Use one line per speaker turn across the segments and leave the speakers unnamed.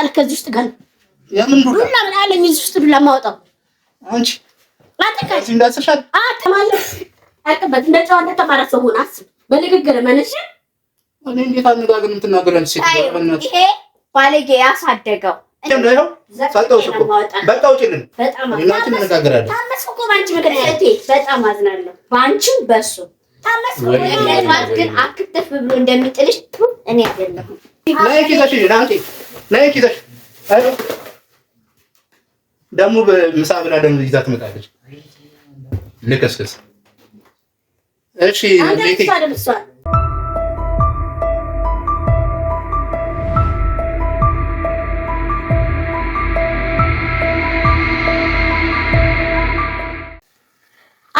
አለ ከዚህ ውስጥ ገና የምን ዱላ ምን አለኝ እዚህ ውስጥ ዱላ ማውጣው አንቺ አጥቃሽ እንዳጽሻል አትማለሽ አቅበት እንደ ጨዋ እንደ ተማረ ሰው ሆነ አስብ በንግግር መነሽ
እኔ እንዴት አነጋገር የምትናገረን ሲል
ይሄ ባለጌ ያሳደገው በጣም አዝናለሁ በአንቺም በሱ ታመስግን። ግን አክተፍ ብሎ እንደሚጥልሽ እኔ አይደለሁም።
ናይ ኪታሽ አይ ደግሞ ብላ ደግሞ ይዛ ትመጣለች። ልከስከስ እሺ
ቤቴ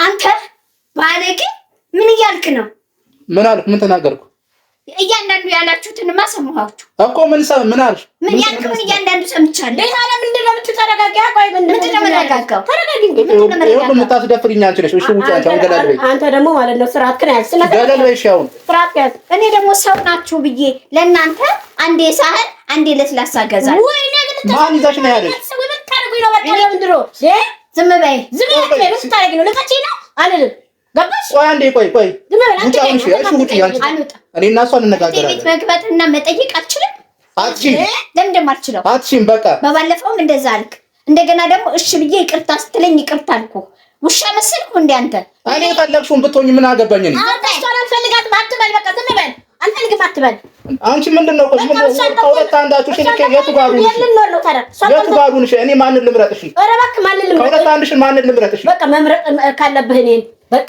አንተ ባለጌ ምን እያልክ ነው?
ምን አልኩ? ምን ተናገርኩ?
እያንዳንዱ ያላችሁትንማ ሰማኋችሁ
እኮ። ምን ሰ ምን አልሽ?
ምን ያልከውን እያንዳንዱ ሰምቻለሁ። ታዲያ ምንድን ነው የምትረጋጋ? ቆይ ምንድን ነው የምትረጋጋው? ተረጋጊ።
የምታስደፍሪኝ አንቺ ነሽ። እሺ ውጪ። አንቺ አሁን ገለል በይ።
አንተ ደግሞ ማለት ነው ስርዓትህን ያዝ።
ገለል በይ። እሺ አሁን
ስርዓትህን ያዝ። እኔ ደግሞ ሰው ናችሁ ብዬ ለእናንተ አንዴ ሳህን አንዴ ለስላሳ ገዛል።
ወይ ነገር ማን ይዛሽ ነው ያለሽ?
ዝም በይ። ዝም በይ። ምን ታደርጊ ነው? ልቀጪኝ ነው አልልም ገባሽ? ቆይ አንዴ፣ ቆይ ቆይ፣ ውጭ አሁን። እሺ፣ አንቺ።
እኔ እና እሷ እንነጋገራለን። ቤት
መግባትና መጠየቅ አልችልም። አትችይም። ለምንድን አልችለው? አትችይም። በቃ በባለፈውም እንደዛ አልክ። እንደገና ደግሞ እሺ ብዬ ይቅርታ ስትለኝ ይቅርታ አልኩ። ውሻ መሰልኩ እንደ አንተ።
እኔ የፈለግሽውን ብትሆኝ ምን አገባኝ? እኔ
እሷን አልፈልጋትም አትበል። በቃ ዝም በል፣ አልፈልግም አትበል።
አንቺ ምንድን ነው? ቆይ ከሁለት አንዳችሁ የቱ ጋር ነው? የቱ ጋር ነው? እኔ ማንን ልምረጥ? እሺ፣
ኧረ እባክህ ማንን ልምረጥ?
ከሁለት አንድሽን ማንን ልምረጥ? እሺ፣
በቃ መምረጥ ካለብህ እኔን በቃ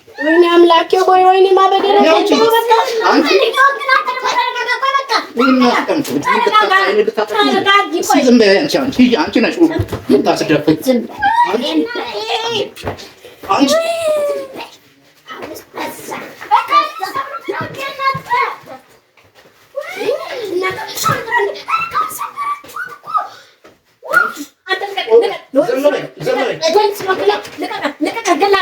ወይኔ አምላኬ ሆይ ወይኔ ማበደረ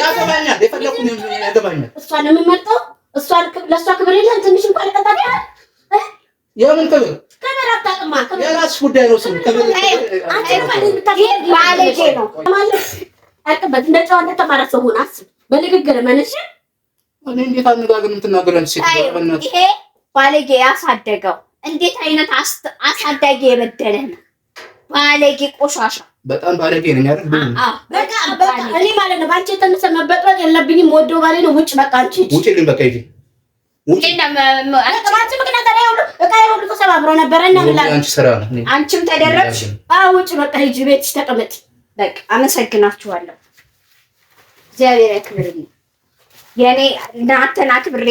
ያገባኛል፣ የፈለኩን ያገባኛል። እሷን ነው የምመርጠው። ለእሷ ክብር የለም ትንሽ እንኳን ቀጣ የምን ክብር ክብር አታውቅማ። የራስሽ ጉዳይ ነው። ስም ክብር እንደ ጨዋ እንደተማረ ሰው ሆነ አስብ። በንግግር መንሽ እኔ እንዴት አነጋገር የምትናገረን ሴት ይሄ ባለጌ ያሳደገው እንዴት አይነት አሳዳጊ የበደለህ ነው። ባለጌ ቆሻሻ በጣም ባለጌ ነኝ አይደል? በቃ በቃ እኔ ማለት ነው ባንቺ የተነሳ መበጥበጥ የለብኝም። ወደው ባሌ ነው። ውጭ በቃ አንቺ ውጭ ልኝ በቃ ይሄ ውጭ እና አንቺ ምክንያት ታዲያ ሁሉ በቃ ሁሉ ተሰባብሮ ነበረ እና ምላ አንቺ ስራ አንቺም ተደረብሽ። አዎ ውጭ በቃ ሂጂ፣ ቤትሽ ተቀመጥ። በቃ አመሰግናችኋለሁ። እግዚአብሔር ያክብርልኝ። የኔ እናንተን አክብሬ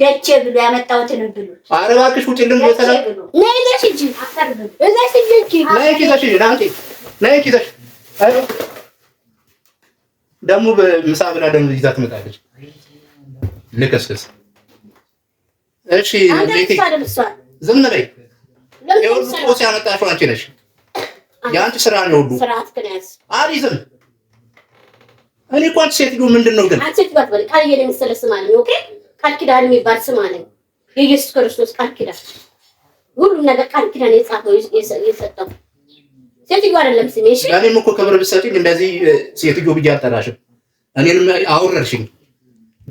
ደቼ ብሎ ያመጣሁትንም ብሉ። ኧረ እባክሽ ውጪልኝ። ደግሞ ምሳ ብላ ደግሞ ይዛ ትመጣለች። ልከስከስ። እሺ ዝም በይ። ቁስ ያመጣሽው አንቺ ነሽ። የአንቺ ስራ ነው ሁሉ። አሪዝም እኔ እኮ አንቺ ሴትዮ ምንድን ነው ግን ቃል ኪዳን የሚባል ስም አለ። የኢየሱስ ክርስቶስ ቃል ኪዳን ሁሉም ነገር ቃል ኪዳን የጻፈው የሰጠው ሴትዮ አይደለም ስሜ። እሺ ለእኔም እኮ ክብር ብትሰጪኝ እንደዚህ ሴትዮ ብዬ አልጠራሽም። እኔንም አወረድሽኝ፣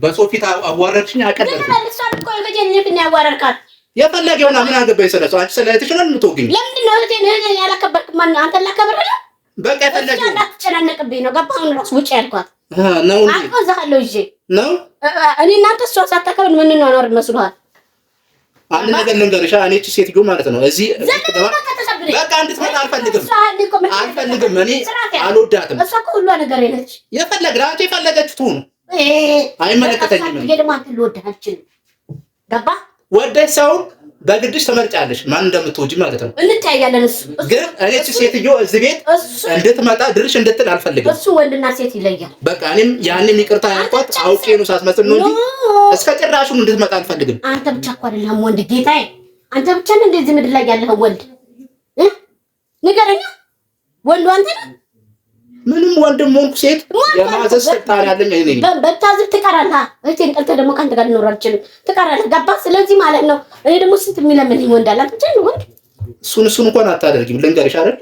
በሰው ፊት አዋረድሽኝ፣ አቀለልሽ። እሷ የፈለገውና ምን አገባኝ ስለ እሷ። አንቺ ስለ እህትሽ ነው የምትወግኝ። ለምንድን ነው እህቴን ያላከበርክ? ማን አንተን ላከበርክ? በቃ የፈለገው እንዳትጨናነቅብኝ ነው። ገባህ? አሁን እራሱ ውጭ ያልኳት ነው አቆዛሃለሁ ይዤ ነው እኔ እናንተ እሷ ሳታከብን ምን እንኖር ይመስልሃል? አንድ ነገር ልንገርሽ፣ እኔ እቺ ሴትዮ ማለት ነው እዚህ በቃ እንድትመጣ አልፈልግም፣ አልፈልግም። እኔ አልወዳትም። እሷ እኮ ሁሉ ነገር ነች። የፈለግህ አንቺ የፈለገችው ትሁን፣ አይመለከተኝም። ገባህ? ወደሽ ሰውን በግድሽ ተመርጫለሽ ማን እንደምትወጂ ማለት ነው። እንታያያለን። እሱ ግን እኔ ሴትዮ እዚህ ቤት እንድትመጣ ድርሽ እንድትል አልፈልግም። እሱ ወንድና ሴት ይለያል። በቃ እኔም ያንን ይቅርታ ያልኳት አውቄ ነው ሳስመስል ነው እንጂ እስከ ጭራሹም እንድትመጣ አልፈልግም። አንተ ብቻ እኮ አይደለም ወንድ ጌታዬ፣ አንተ ብቻ ነህ እንደዚህ ምድር ላይ ያለህ ወንድ። ንገረኛ ወንዱ አንተ ነህ። ምንም ወንድም ሆንኩ ሴት የማዘዝ ስልጣን ያለኝ እኔ ነኝ። በታዘብ ትቀራለህ። እህቴ እንቀልተ ደግሞ ከአንተ ጋር ልኖር አልችልም። ትቀራለህ። ገባህ? ስለዚህ ማለት ነው እኔ ደግሞ ስንት የሚለምንኝ ወንድ አለ። አንተ ጀን ወንድ እሱን እሱን እንኳን አታደርጊም። ልንገርሽ አይደል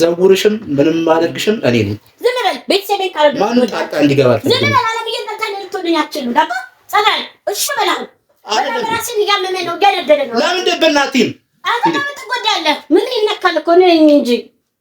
ዘውርሽም ምንም ማደርግሽም እኔ ነኝ። ዝም በል ቤተሰቤ ካለ ማን ጣጣ እንዲገባል ዝም በል አለም እየንተካ ልትሆነኝ አችሉ ገባህ? ጸናል እሺ በላሁ ራሴን እያመመ ነው እያደደደ ነው። ለምን ደበናቲም አንተ ምን ትጎዳለህ? ምን ይነካል እኮ ነኝ እንጂ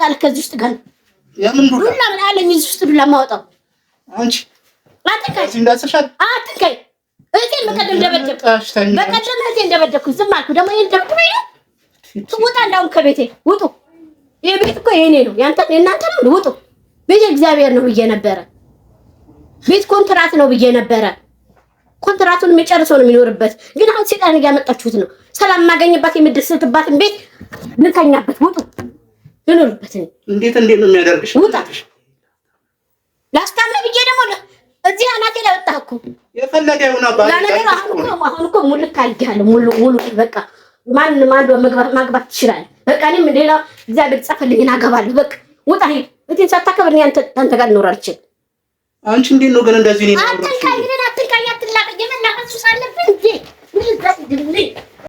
ታወጣለህ ከዚህ ውስጥ ገና የምን ዱላ ዱላ ምን አለኝ? እዚህ ውስጥ ዱላ የማወጣው አንቺ አትንካይ፣ አትንካይ። እህቴን በቀደም ደበደብ በቀደም እህቴን እንደበደብኩ ዝም አልኩ። ደግሞ ይሄን ደብድበኝ ነው ውጣ። እንዳውም ከቤቴ ውጡ። ይሄ ቤት እኮ የእኔ ነው፣ ያንተ የእናንተ ነው። ውጡ። ቤት እግዚአብሔር ነው ብዬ ነበረ። ቤት ኮንትራት ነው ብዬ ነበረ። ኮንትራቱን የሚጨርሰው ነው የሚኖርበት። ግን አሁን ሴጣን ያመጣችሁት ነው። ሰላም የማገኝባት የምደሰትባትን ቤት ልተኛበት። ውጡ ልኖርበት እንዴት እንዴት ነው የሚያደርግሽ? ውጣ ላስታለ ብዬ ደግሞ እዚህ አናቴ ላይ ወጣህ እኮ የፈለገ ይሁን አሁን እኮ አሁን እኮ ሙሉ ሙሉ በቃ ማን ማን መግባት ማግባት ይችላል በቃ እኔም ሌላ እግዚአብሔር ጻፈልኝ እናገባለሁ። በቃ ውጣ ሂድ። እቴን ሳታከብር እኔ አንተ ጋር ልኖር አልችልም። አንቺ እንዴት ነው ግን እንደዚህ ነው? አትንካኝ፣ አትንካኝ፣ አትላቀኝ። የመናፈሱ ሳለብህ እንዴ ምን ልዛት ድልኝ